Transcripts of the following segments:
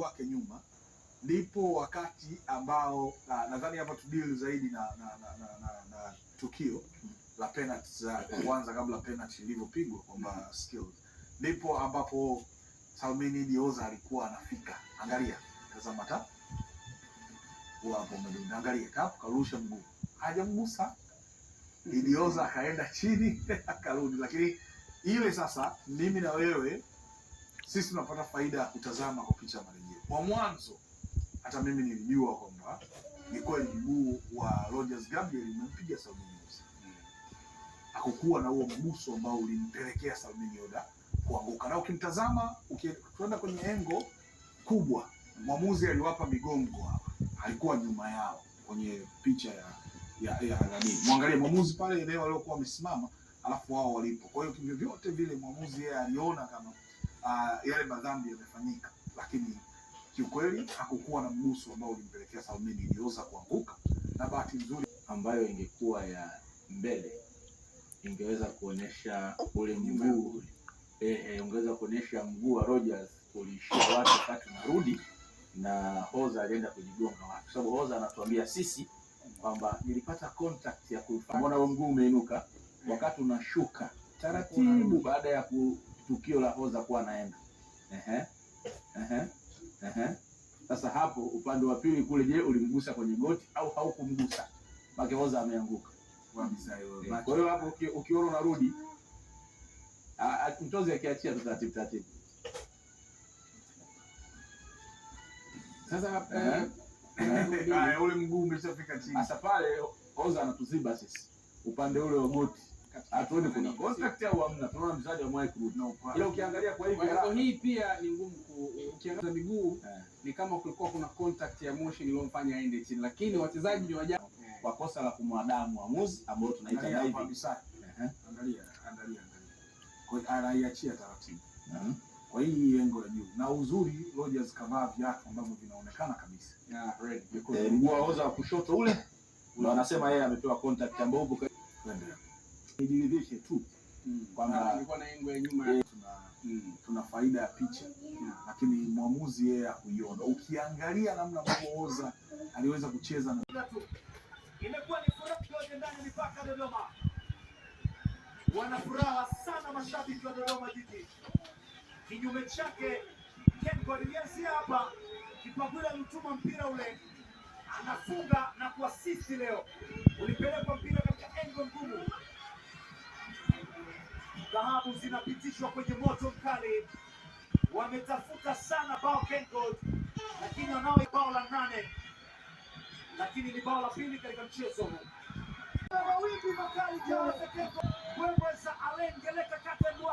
wake nyuma, ndipo wakati ambao nadhani na hapa tudili zaidi na, na, na, na, na, na tukio la penalty za kwanza kabla penalty ilivyopigwa kwamba skills, ndipo ambapo Salmini Dioza alikuwa anafika. Angalia, tazama ta hapo Madunda, angalia kapu karusha mguu, hajamgusa Dioza, akaenda chini akarudi. Lakini ile sasa, mimi na wewe sisi tunapata faida ya kutazama kwa picha marejeo. Kwa mwanzo hata mimi nilijua kwamba ni kweli mguu wa Rogers Gabriel umempiga Salminioza, hakukuwa na huo mguso ambao ulimpelekea Salminioza kuanguka. Na ukimtazama ukienda kwenye engo kubwa, mwamuzi aliwapa migongo hapa, alikuwa nyuma yao kwenye picha ya ya ya nani, mwangalie mwamuzi pale eneo alilokuwa amesimama, alafu wao walipo. Kwa hiyo kivyo vyote vile mwamuzi yeye aliona kama uh, yale madhambi yamefanyika, lakini kiukweli hakukuwa na mguso ambao ulimpelekea Salmini Ilioza kuanguka, na bahati nzuri ambayo ingekuwa ya mbele ingeweza kuonyesha ule mguu eh, ungeweza eh, kuonyesha mguu wa Rogers ulishia watu wakati narudi na Hoza alienda kujigonga watu, kwa sababu Hoza anatuambia sisi kwamba nilipata contact ya kuona mguu umeinuka eh. wakati unashuka taratibu mm. baada ya ku tukio la Oza kuwa anaenda ehe, ehe, ehe. Sasa hapo upande wa pili kule, je, ulimgusa kwenye goti au haukumgusa make Oza ameanguka? Kwa eh, hiyo hapo ukiona unarudi mtozi akiachia taratibu taratibu. Sasa eh, eh, ule mguu umeshafika chini. Sasa pale Oza anatuziba sisi upande ule wa goti hatuoni kuna contract au hamna, tunaona mchezaji amwahi kurudi. Ila ukiangalia kwa hivyo kwa hii pia ni ngumu ku eh, ukiangalia miguu eh. ni kama kulikuwa kuna contact ya motion iliyomfanya aende chini, lakini wachezaji ni wajabu kwa kosa la kumwadamu mwamuzi ambao tunaita dive. angalia angalia angalia, kwa hiyo anaiachia taratibu mm-hmm. kwa hii yengo ya juu na uzuri Rogers kavaa viatu ambavyo vinaonekana kabisa, yeah red, because eh, mguu wa kushoto ule ndio anasema yeye amepewa contact ambao huko nijiridhishe tu mm. kwamba ah, eh, mm, tuna faida ya picha, mm. lakini mwamuzi yeye hakuiona. Ukiangalia namna Mabooza aliweza kucheza na imekuwa ni furaha ndani mipaka Dodoma, wanafuraha sana mashabiki wa Dodoma Jiji. Kinyume chake Kengoiesi hapa Kipagula aliutuma mpira ule, anafunga na kuasisti. Leo ulipelekwa mpira katika engo ngumu dhahabu zinapitishwa kwenye moto mkali. Wametafuta sana bao Kengold, lakini wanawe bao la nane, lakini ni bao la pili katika mchezo huu. Mawimbi makali alengeleka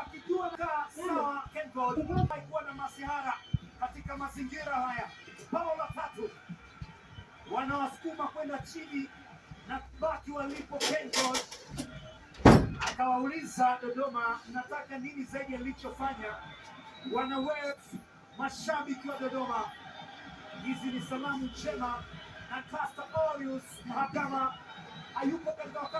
akijua sawa. Kengold haikuwa na masihara katika mazingira haya. Bao la tatu wanawasukuma kwenda chini na baki walipo Kengold akawauliza Dodoma, nataka nini zaidi alichofanya wanawevu mashabiki wa Dodoma. Hizi ni salamu njema na Caster Orius mahakama hayupo katika